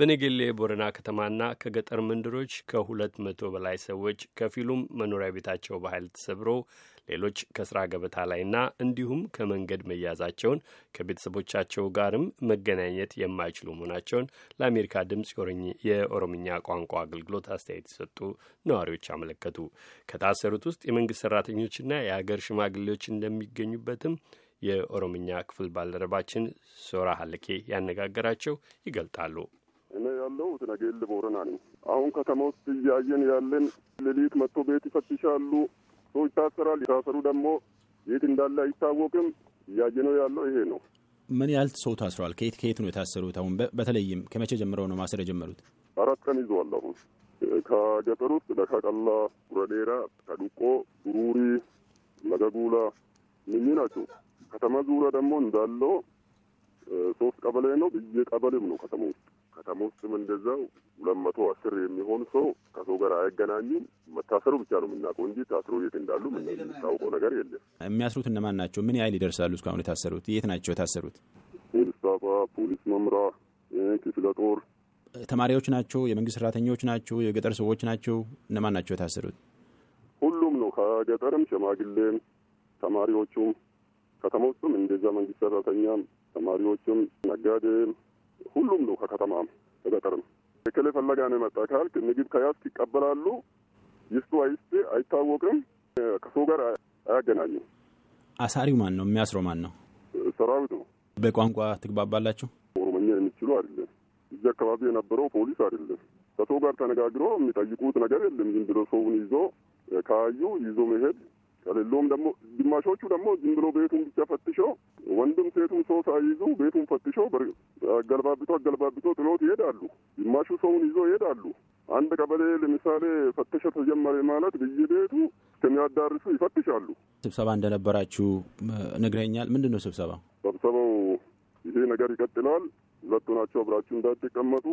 በነገሌ ቦረና ከተማና ከገጠር መንደሮች ከሁለት መቶ በላይ ሰዎች ከፊሉም መኖሪያ ቤታቸው በኃይል ተሰብሮ ሌሎች ከስራ ገበታ ላይና እንዲሁም ከመንገድ መያዛቸውን ከቤተሰቦቻቸው ጋርም መገናኘት የማይችሉ መሆናቸውን ለአሜሪካ ድምፅ የኦሮምኛ ቋንቋ አገልግሎት አስተያየት የሰጡ ነዋሪዎች አመለከቱ። ከታሰሩት ውስጥ የመንግስት ሰራተኞችና የሀገር ሽማግሌዎች እንደሚገኙበትም የኦሮምኛ ክፍል ባልደረባችን ሶራ ሀልኬ ያነጋገራቸው ይገልጣሉ። ያለሁት ነገሌ ቦረና ነኝ። አሁን ከተማ ውስጥ እያየን ያለን ሌሊት መጥቶ ቤት ይፈትሻሉ፣ ሰው ይታሰራል። የታሰሩ ደግሞ የት እንዳለ አይታወቅም። እያየነው ያለው ይሄ ነው። ምን ያህል ሰው ታስሯል? ከየት ከየት ነው የታሰሩት? አሁን በተለይም ከመቼ ጀምረው ነው ማሰር የጀመሩት? አራት ቀን ይዘዋል። አሁን ከገጠር ውስጥ በካቀላ፣ ጉረዴራ፣ ከዱቆ፣ ጉሩሪ፣ መገጉላ ምኝ ናቸው። ከተማ ዙሪያ ደግሞ እንዳለው ሶስት ቀበሌ ነው። ብዬ ቀበሌም ነው ከተማ ውስጥ ከተማ ውስጥም እንደዛው ሁለት መቶ አስር የሚሆን ሰው ከሰው ጋር አይገናኙም። መታሰሩ ብቻ ነው የምናውቀው እንጂ ታስሮ የት እንዳሉ የምናውቀው ነገር የለም። የሚያስሩት እነማን ናቸው? ምን ያህል ይደርሳሉ? እስካሁን የታሰሩት የት ናቸው የታሰሩት? ፖሊስ ጣባ፣ ፖሊስ መምራ፣ ክፍለ ጦር ተማሪዎች ናቸው? የመንግስት ሰራተኞች ናቸው? የገጠር ሰዎች ናቸው? እነማን ናቸው የታሰሩት? ሁሉም ነው። ከገጠርም ሸማግሌም፣ ተማሪዎቹም ከተማ ውስጥም እንደዛ መንግስት ሰራተኛም፣ ተማሪዎቹም፣ ነጋዴም ሁሉም ነው፣ ከከተማም ነው። እከሌ ፈለጋ ነው የመጣ ካልክ ምግብ ከያዝክ ይቀበላሉ። ይስጡ አይስጥ አይታወቅም። ከሰው ጋር አያገናኝም። አሳሪው ማን ነው? የሚያስረው ማን ነው? ሰራዊት ነው። በቋንቋ ትግባባላችሁ? ኦሮመኛ የሚችሉ አይደለም። እዚህ አካባቢ የነበረው ፖሊስ አይደለም። ከሰው ጋር ተነጋግሮ የሚጠይቁት ነገር የለም። ዝም ብሎ ሰውን ይዞ ካዩ ይዞ መሄድ ከሌለውም ደግሞ ግማሾቹ ደግሞ ዝም ብሎ ቤቱን ብቻ ፈትሸው ወንድም ሴቱን ሰው ሳይይዙ ቤቱን ፈትሸው ገለባብጦ አገለባብጦ ጥሎት ይሄዳሉ። ግማሹ ሰውን ይዞ ይሄዳሉ። አንድ ቀበሌ ለምሳሌ ፈተሸ ተጀመረ ማለት በየቤቱ እስከሚያዳርሱ ይፈትሻሉ። ስብሰባ እንደነበራችሁ ነግረኛል። ምንድን ነው ስብሰባ? ስብሰባው ይሄ ነገር ይቀጥላል፣ ሁለቱ ናቸው አብራችሁ እንዳትቀመጡ፣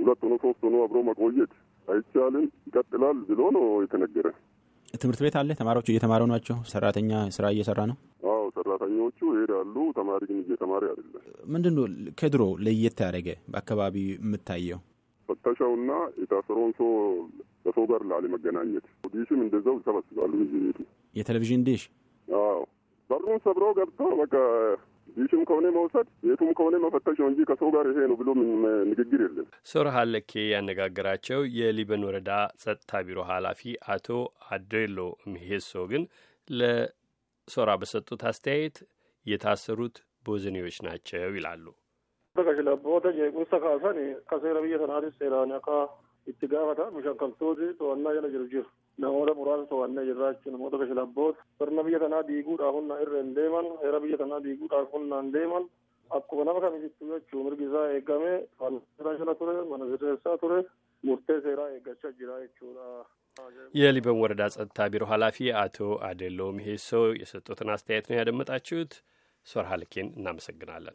ሁለት ሆኖ ሶስት ሆኖ አብሮ መቆየት አይቻልም፣ ይቀጥላል ብሎ ነው የተነገረ። ትምህርት ቤት አለ፣ ተማሪዎቹ እየተማሩ ናቸው፣ ሰራተኛ ስራ እየሰራ ነው። ሰራተኞቹ ይሄዳሉ። ተማሪ ግን እየተማሪ አይደለም። ምንድን ነው ከድሮ ለየት ያደረገ በአካባቢ የምታየው? ፍተሻውና የታሰረውን ሰው ከሰው ጋር ላለመገናኘት ዲሽም እንደዛው ይሰበስባሉ። ቤቱ የቴሌቪዥን ዲሽ በሩን ሰብረው ገብቶ በቃ ዲሽም ከሆነ መውሰድ የቱም ከሆነ መፈተሽ ነው እንጂ ከሰው ጋር ይሄ ነው ብሎ ንግግር የለም። ሶርሃ ለኬ ያነጋገራቸው የሊበን ወረዳ ጸጥታ ቢሮ ኃላፊ አቶ አድሬሎ ምሄሶ ግን ሶራ በሰጡት አስተያየት የታሰሩት ቦዝኒዎች ናቸው ይላሉ። namoota muraasa to'annee jirraa jechuun namoota gashilabboota sirna biyya tanaa diiguudhaaf humnaa irra hin deeman heera biyya tanaa diiguudhaaf humnaa hin deeman akkuma nama kam jechuu jechuu mirgi isaa eegame falsisaa ture mana sirreessaa ture murtee seeraa eeggachaa jira jechuudha. የሊበን ወረዳ ጸጥታ ቢሮ ኃላፊ አቶ አዴሎ ሚሄሶ የሰጡትን አስተያየት ነው ያደመጣችሁት። ሶርሃልኬን እናመሰግናለን።